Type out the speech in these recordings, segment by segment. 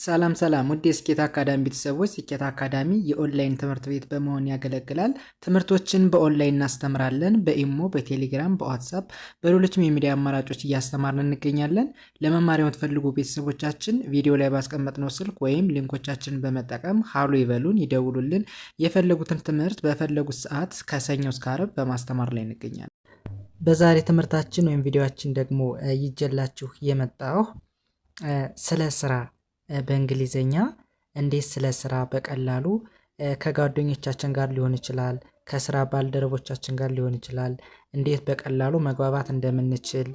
ሰላም ሰላም ውድ የስኬት አካዳሚ ቤተሰቦች፣ ስኬት አካዳሚ የኦንላይን ትምህርት ቤት በመሆን ያገለግላል። ትምህርቶችን በኦንላይን እናስተምራለን። በኢሞ፣ በቴሌግራም፣ በዋትሳፕ፣ በሌሎችም የሚዲያ አማራጮች እያስተማርን እንገኛለን። ለመማሪያ የምትፈልጉ ቤተሰቦቻችን ቪዲዮ ላይ ባስቀመጥነው ስልክ ወይም ሊንኮቻችንን በመጠቀም ሀሎ ይበሉን፣ ይደውሉልን። የፈለጉትን ትምህርት በፈለጉት ሰዓት ከሰኞ እስከ ዓርብ በማስተማር ላይ እንገኛለን። በዛሬ ትምህርታችን ወይም ቪዲዮችን ደግሞ ይጀላችሁ የመጣው ስለ ስራ በእንግሊዘኛ እንዴት ስለ ስራ በቀላሉ ከጓደኞቻችን ጋር ሊሆን ይችላል ከስራ ባልደረቦቻችን ጋር ሊሆን ይችላል እንዴት በቀላሉ መግባባት እንደምንችል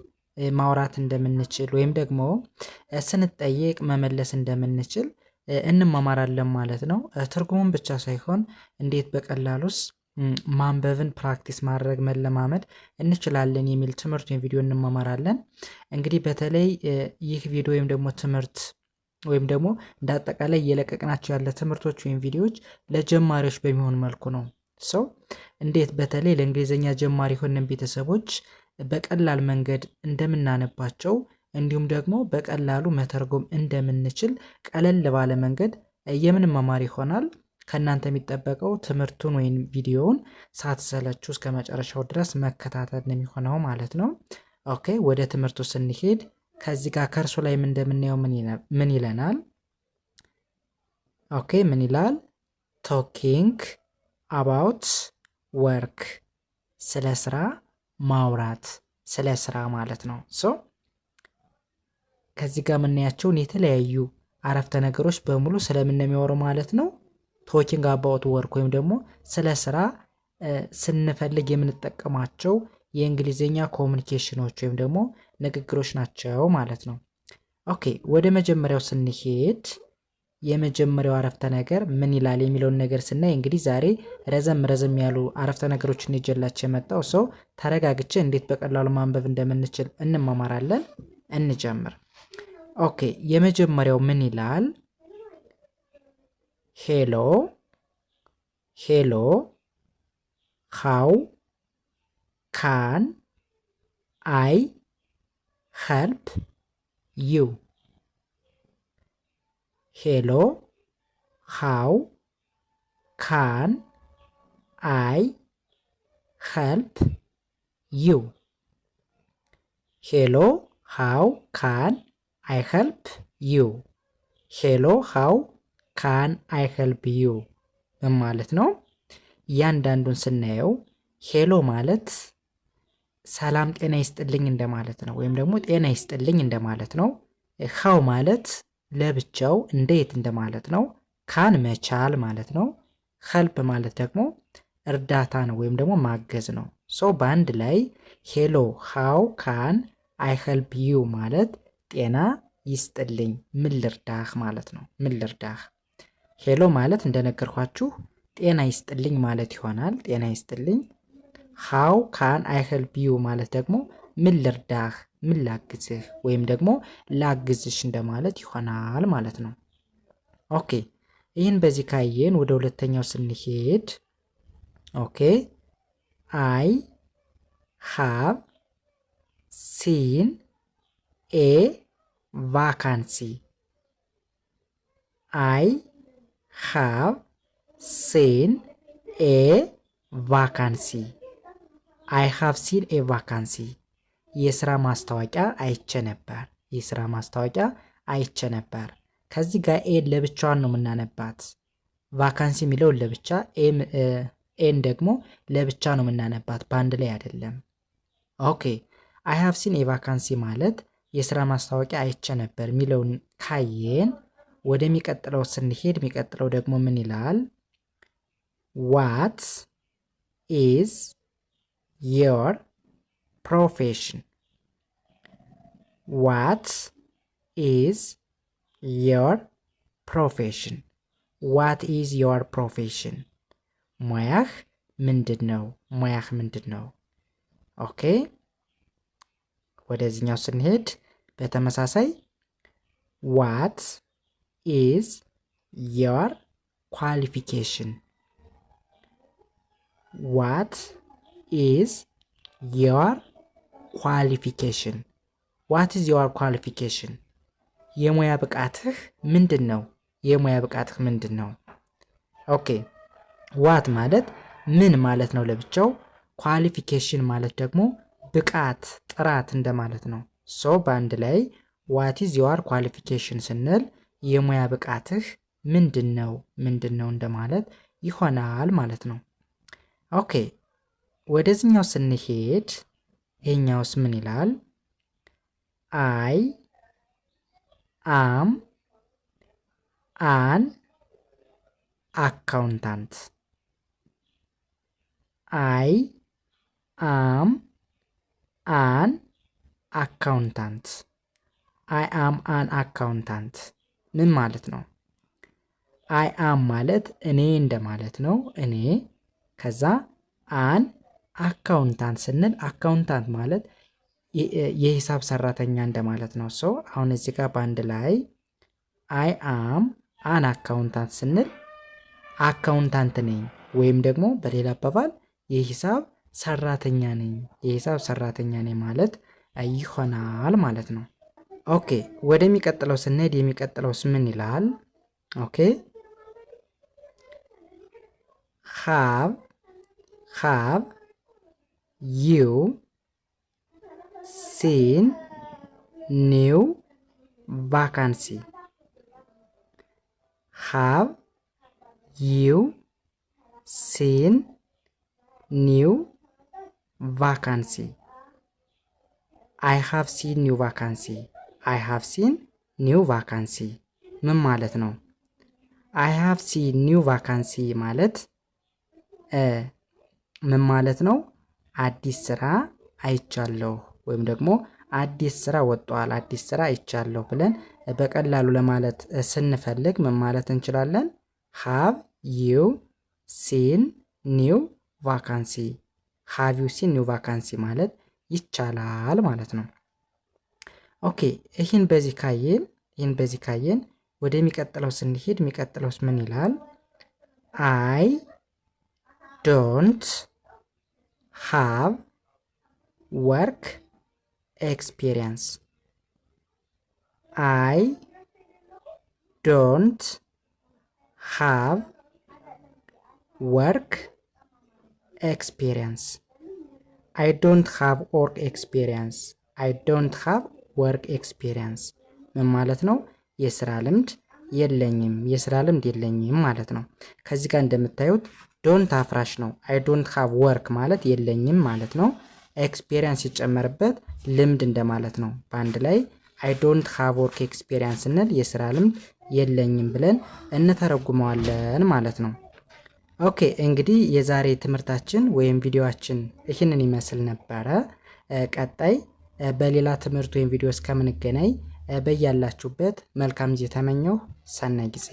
ማውራት እንደምንችል ወይም ደግሞ ስንጠየቅ መመለስ እንደምንችል እንማማራለን ማለት ነው። ትርጉሙን ብቻ ሳይሆን እንዴት በቀላሉስ ማንበብን ፕራክቲስ ማድረግ መለማመድ እንችላለን የሚል ትምህርት ወይም ቪዲዮ እንማማራለን። እንግዲህ በተለይ ይህ ቪዲዮ ወይም ደግሞ ትምህርት ወይም ደግሞ እንደ አጠቃላይ እየለቀቅናቸው ያለ ትምህርቶች ወይም ቪዲዮዎች ለጀማሪዎች በሚሆን መልኩ ነው። ሰው እንዴት በተለይ ለእንግሊዝኛ ጀማሪ የሆንን ቤተሰቦች በቀላል መንገድ እንደምናነባቸው እንዲሁም ደግሞ በቀላሉ መተርጎም እንደምንችል ቀለል ባለ መንገድ የምንመማር ይሆናል። ከእናንተ የሚጠበቀው ትምህርቱን ወይም ቪዲዮውን ሳትሰለቹ እስከ መጨረሻው ድረስ መከታተል የሚሆነው ማለት ነው። ኦኬ ወደ ትምህርቱ ስንሄድ ከዚህ ጋር ከእርሱ ላይም እንደምናየው ምን ይለናል? ኦኬ ምን ይላል? ቶኪንግ አባውት ወርክ ስለ ስራ ማውራት ስለ ስራ ማለት ነው። ሶ ከዚህ ጋር የምናያቸውን የተለያዩ አረፍተ ነገሮች በሙሉ ስለምን የሚያወሩ ማለት ነው። ቶኪንግ አባውት ወርክ ወይም ደግሞ ስለ ስራ ስንፈልግ የምንጠቀማቸው የእንግሊዝኛ ኮሚኒኬሽኖች ወይም ደግሞ ንግግሮች ናቸው ማለት ነው። ኦኬ ወደ መጀመሪያው ስንሄድ የመጀመሪያው አረፍተ ነገር ምን ይላል የሚለውን ነገር ስናይ እንግዲህ ዛሬ ረዘም ረዘም ያሉ አረፍተ ነገሮችን ይዤላችሁ የመጣው ሰው ተረጋግቼ እንዴት በቀላሉ ማንበብ እንደምንችል እንማማራለን። እንጀምር። ኦኬ የመጀመሪያው ምን ይላል? ሄሎ ሄሎ ሃው ካን አይ ሄልፕ ዩ ሄሎ ሃው ካን አይ ሄልፕ ዩ ሄሎ ሃው ካን አይ ሄልፕ ዩ ሄሎ ሃው ካን አይ ሄልፕ ዩ ማለት ነው። እያንዳንዱን ስናየው ሄሎ ማለት ሰላም ጤና ይስጥልኝ እንደማለት ነው፣ ወይም ደግሞ ጤና ይስጥልኝ እንደማለት ነው። ሃው ማለት ለብቻው እንዴት እንደማለት ነው። ካን መቻል ማለት ነው። ኸልፕ ማለት ደግሞ እርዳታ ነው ወይም ደግሞ ማገዝ ነው። ሶ በአንድ ላይ ሄሎ ሃው ካን አይ ኸልፕ ዩ ማለት ጤና ይስጥልኝ ምን ልርዳህ ማለት ነው። ምን ልርዳህ። ሄሎ ማለት እንደነገርኳችሁ ጤና ይስጥልኝ ማለት ይሆናል። ጤና ይስጥልኝ ሃው ካን አይ ሄልፕ ዩ ማለት ደግሞ ምን ልርዳህ፣ ምን ላግዝህ ወይም ደግሞ ላግዝሽ እንደማለት ይሆናል ማለት ነው። ኦኬ ይህን በዚህ ካየን ወደ ሁለተኛው ስንሄድ ኦኬ አይ ሃቭ ሲን ኤ ቫካንሲ አይ ሃቭ ሲን ኤ ቫካንሲ አይ ሃቭ ሲን ኤ ቫካንሲ የስራ ማስታወቂያ አይቼ ነበር። የስራ ማስታወቂያ አይቼ ነበር። ከዚህ ጋር ኤን ለብቻዋን ነው የምናነባት። ቫካንሲ የሚለውን ለብቻ፣ ኤን ደግሞ ለብቻ ነው የምናነባት፣ በአንድ ላይ አይደለም። ኦኬ አይ ሃቭ ሲን ኤ ቫካንሲ ማለት የስራ ማስታወቂያ አይቼ ነበር የሚለውን ካየን ወደሚቀጥለው ስንሄድ የሚቀጥለው ደግሞ ምን ይላል? ዋት ኢዝ your profession? What is your profession? What is your profession? ሙያህ ምንድን ነው? ሙያህ ምንድን ነው? ኦኬ ወደዚህኛው ስንሄድ በተመሳሳይ ዋት ኢዝ ዮር ኳሊፊኬሽን ዋት ኢዝ የዋር ኳሊፊኬሽን ዋት ኢዝ የዋር ኳሊፊኬሽን የሙያ ብቃትህ ምንድን ነው? የሙያ ብቃትህ ምንድን ነው? ኦኬ ዋት ማለት ምን ማለት ነው ለብቻው። ኳሊፊኬሽን ማለት ደግሞ ብቃት ጥራት እንደማለት ነው። ሶ በአንድ ላይ ዋት ኢዝ የዋር ኳሊፊኬሽን ስንል የሙያ ብቃትህ ምንድን ነው ምንድን ነው እንደማለት ይሆናል ማለት ነው። ኦኬ ወደዚህኛው ስንሄድ ይሄኛውስ ምን ይላል? አይ አም አን አካውንታንት አይ አም አን አካውንታንት አይ አም አን አካውንታንት ምን ማለት ነው? አይ አም ማለት እኔ እንደማለት ነው። እኔ ከዛ አን አካውንታንት ስንል አካውንታንት ማለት የሂሳብ ሰራተኛ እንደማለት ነው። ሰው አሁን እዚህ ጋር በአንድ ላይ አይ አም አን አካውንታንት ስንል አካውንታንት ነኝ ወይም ደግሞ በሌላ አባባል የሂሳብ ሰራተኛ ነኝ የሂሳብ ሰራተኛ ነኝ ማለት ይሆናል ማለት ነው። ኦኬ ወደሚቀጥለው ስንሄድ የሚቀጥለውስ ምን ይላል? ኦኬ ሀብ ሀብ you seen new vacancy? Have you seen new vacancy? I have seen new vacancy. I have seen new vacancy ምን ማለት ነው? አይ ሃቭ ሲን ኒው ቫካንሲ ማለት ምን ማለት ነው? አዲስ ስራ አይቻለሁ ወይም ደግሞ አዲስ ስራ ወጥቷል አዲስ ስራ አይቻለሁ ብለን በቀላሉ ለማለት ስንፈልግ ምን ማለት እንችላለን? ሃቭ ዩ ሲን ኒው ቫካንሲ ሃቭ ዩ ሲን ኒው ቫካንሲ ማለት ይቻላል ማለት ነው። ኦኬ ይህን በዚህ ካየን ይህን በዚህ ካየን ወደሚቀጥለው ስንሄድ የሚቀጥለውስ ምን ይላል? አይ ዶንት ሃቭ ወርክ ኤክስፒሪየንስ አይ ዶንት ሃቭ ወርክ ኤክስፒሪየንስ አይ ዶንት ሃቭ ወርክ ኤክስፒሪየንስ አይ ዶንት ሃቭ ወርክ ኤክስፒሪየንስ ምን ማለት ነው? የስራ ልምድ የለኝም፣ የስራ ልምድ የለኝም ማለት ነው። ከዚህ ጋር እንደምታዩት ዶንት አፍራሽ ነው። አይ ዶንት ሃቭ ወርክ ማለት የለኝም ማለት ነው። ኤክስፔሪንስ ሲጨመርበት ልምድ እንደማለት ነው። በአንድ ላይ አይ ዶንት ሃቭ ወርክ ኤክስፔሪንስ ስንል የስራ ልምድ የለኝም ብለን እንተረጉመዋለን ማለት ነው። ኦኬ እንግዲህ የዛሬ ትምህርታችን ወይም ቪዲዮችን ይህንን ይመስል ነበረ። ቀጣይ በሌላ ትምህርት ወይም ቪዲዮ እስከምንገናኝ በያላችሁበት መልካም ጊዜ ተመኘሁ። ሰናይ ጊዜ